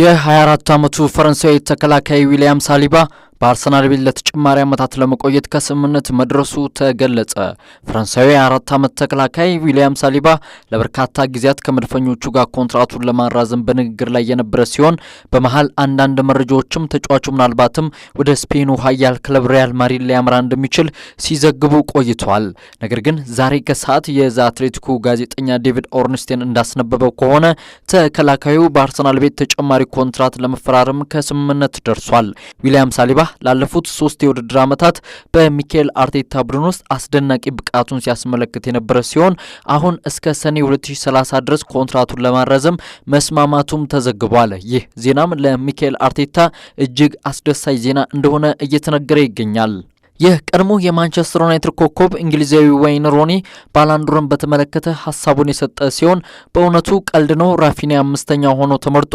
የ24 ዓመቱ ፈረንሳዊ ተከላካይ ዊሊያም ሳሊባ በአርሰናል ቤት ለተጨማሪ ዓመታት ለመቆየት ከስምምነት መድረሱ ተገለጸ። ፈረንሳዊ የአራት ዓመት ተከላካይ ዊሊያም ሳሊባ ለበርካታ ጊዜያት ከመድፈኞቹ ጋር ኮንትራቱን ለማራዘም በንግግር ላይ የነበረ ሲሆን በመሀል አንዳንድ መረጃዎችም ተጫዋቹ ምናልባትም ወደ ስፔኑ ኃያል ክለብ ሪያል ማድሪድ ሊያምራ እንደሚችል ሲዘግቡ ቆይቷል። ነገር ግን ዛሬ ከሰዓት የዛ አትሌቲኩ ጋዜጠኛ ዴቪድ ኦርንስቴን እንዳስነበበው ከሆነ ተከላካዩ በአርሰናል ቤት ተጨማሪ ኮንትራት ለመፈራረም ከስምምነት ደርሷል። ዊሊያም ሳሊባ ላለፉት ሶስት የውድድር ዓመታት በሚካኤል አርቴታ ቡድን ውስጥ አስደናቂ ብቃቱን ሲያስመለክት የነበረ ሲሆን አሁን እስከ ሰኔ 2030 ድረስ ኮንትራቱን ለማራዘም መስማማቱም ተዘግቧል። ይህ ዜናም ለሚካኤል አርቴታ እጅግ አስደሳች ዜና እንደሆነ እየተነገረ ይገኛል። ይህ ቀድሞ የማንቸስተር ዩናይትድ ኮከብ እንግሊዛዊ ዌይን ሮኒ ባላንዱርን በተመለከተ ሀሳቡን የሰጠ ሲሆን በእውነቱ ቀልድ ነው። ራፊኒያ አምስተኛ ሆኖ ተመርጦ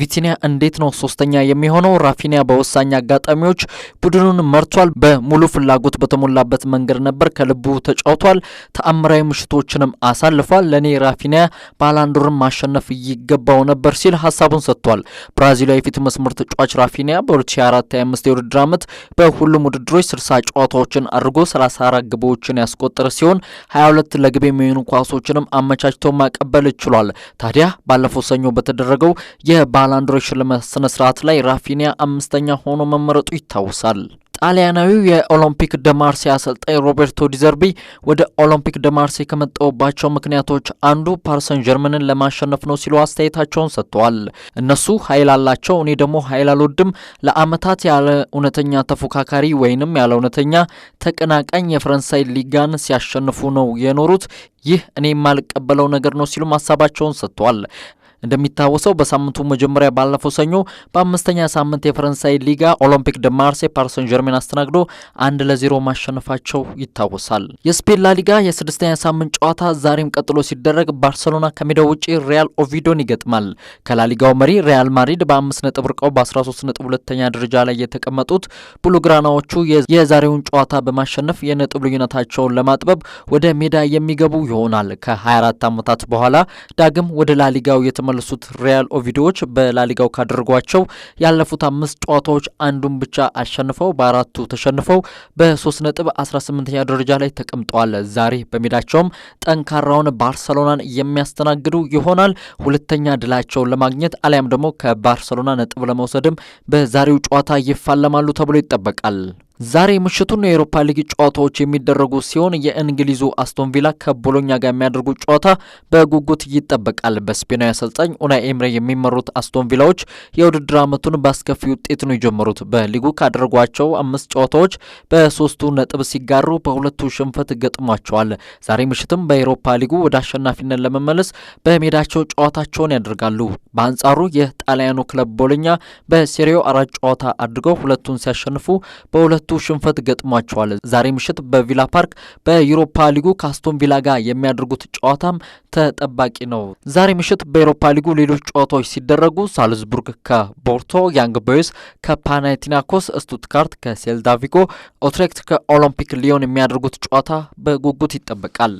ቪቲኒያ እንዴት ነው ሶስተኛ የሚሆነው? ራፊኒያ በወሳኝ አጋጣሚዎች ቡድኑን መርቷል። በሙሉ ፍላጎት በተሞላበት መንገድ ነበር። ከልቡ ተጫውቷል። ተአምራዊ ምሽቶችንም አሳልፏል። ለእኔ ራፊኒያ ባላንዱርን ማሸነፍ ይገባው ነበር ሲል ሀሳቡን ሰጥቷል። ብራዚላዊ የፊት መስመር ተጫዋች ራፊኒያ በ2024/25 የውድድር ዓመት በሁሉም ውድድሮች 60 ጨዋታዎችን አድርጎ 34 ግቦችን ያስቆጠረ ሲሆን 22 ለግብ የሚሆኑ ኳሶችንም አመቻችቶ ማቀበል ችሏል። ታዲያ ባለፈው ሰኞ በተደረገው የባላንዶር ሽልማት ስርዓት ላይ ራፊኒያ አምስተኛ ሆኖ መመረጡ ይታወሳል። ጣሊያናዊው የኦሎምፒክ ደማርሴ አሰልጣኝ ሮቤርቶ ዲዘርቢ ወደ ኦሎምፒክ ደማርሴ ከመጣሁባቸው ምክንያቶች አንዱ ፓርሰን ጀርመንን ለማሸነፍ ነው ሲሉ አስተያየታቸውን ሰጥተዋል። እነሱ ኃይል አላቸው፣ እኔ ደግሞ ኃይል አልወድም። ለአመታት ያለ እውነተኛ ተፎካካሪ ወይንም ያለ እውነተኛ ተቀናቃኝ የፈረንሳይ ሊጋን ሲያሸንፉ ነው የኖሩት። ይህ እኔ የማልቀበለው ነገር ነው ሲሉም ሀሳባቸውን ሰጥተዋል። እንደሚታወሰው በሳምንቱ መጀመሪያ ባለፈው ሰኞ በአምስተኛ ሳምንት የፈረንሳይ ሊጋ ኦሎምፒክ ደ ማርሴ ፓርሰን ጀርሜን አስተናግዶ አንድ ለዜሮ ማሸነፋቸው ይታወሳል። የስፔን ላሊጋ የስድስተኛ ሳምንት ጨዋታ ዛሬም ቀጥሎ ሲደረግ ባርሰሎና ከሜዳው ውጪ ሪያል ኦቪዶን ይገጥማል። ከላሊጋው መሪ ሪያል ማድሪድ በአምስት ነጥብ ርቀው በ13 ነጥብ ሁለተኛ ደረጃ ላይ የተቀመጡት ቡሉግራናዎቹ የዛሬውን ጨዋታ በማሸነፍ የነጥብ ልዩነታቸውን ለማጥበብ ወደ ሜዳ የሚገቡ ይሆናል። ከ24 ዓመታት በኋላ ዳግም ወደ ላሊጋው የተመ የተመለሱት ሪያል ኦቪዶዎች በላሊጋው ካደረጓቸው ያለፉት አምስት ጨዋታዎች አንዱን ብቻ አሸንፈው በአራቱ ተሸንፈው በሶስት ነጥብ 18ኛ ደረጃ ላይ ተቀምጠዋል። ዛሬ በሜዳቸውም ጠንካራውን ባርሰሎናን የሚያስተናግዱ ይሆናል። ሁለተኛ ድላቸውን ለማግኘት አሊያም ደግሞ ከባርሰሎና ነጥብ ለመውሰድም በዛሬው ጨዋታ ይፋለማሉ ተብሎ ይጠበቃል። ዛሬ ምሽቱን የአውሮፓ ሊግ ጨዋታዎች የሚደረጉ ሲሆን የእንግሊዙ አስቶን ቪላ ከቦሎኛ ጋር የሚያደርጉት ጨዋታ በጉጉት ይጠበቃል። በስፔናዊ አሰልጣኝ ኡናይ ኤምሬ የሚመሩት አስቶን ቪላዎች የውድድር ዓመቱን በአስከፊ ውጤት ነው የጀመሩት። በሊጉ ካደረጓቸው አምስት ጨዋታዎች በሶስቱ ነጥብ ሲጋሩ፣ በሁለቱ ሽንፈት ገጥሟቸዋል። ዛሬ ምሽትም በአውሮፓ ሊጉ ወደ አሸናፊነት ለመመለስ በሜዳቸው ጨዋታቸውን ያደርጋሉ። በአንጻሩ የጣሊያኑ ክለብ ቦሎኛ በሴሪዮ አራት ጨዋታ አድርገው ሁለቱን ሲያሸንፉ በሁለ ሁለቱ ሽንፈት ገጥሟቸዋል። ዛሬ ምሽት በቪላ ፓርክ በዩሮፓ ሊጉ ካስቶን ቪላ ጋር የሚያደርጉት ጨዋታም ተጠባቂ ነው። ዛሬ ምሽት በዩሮፓ ሊጉ ሌሎች ጨዋታዎች ሲደረጉ ሳልዝቡርግ ከቦርቶ፣ ያንግ ቦይስ ከፓናቲናኮስ፣ ስቱትጋርት ከሴልዳቪጎ፣ ኦትሬክት ከኦሎምፒክ ሊዮን የሚያደርጉት ጨዋታ በጉጉት ይጠበቃል።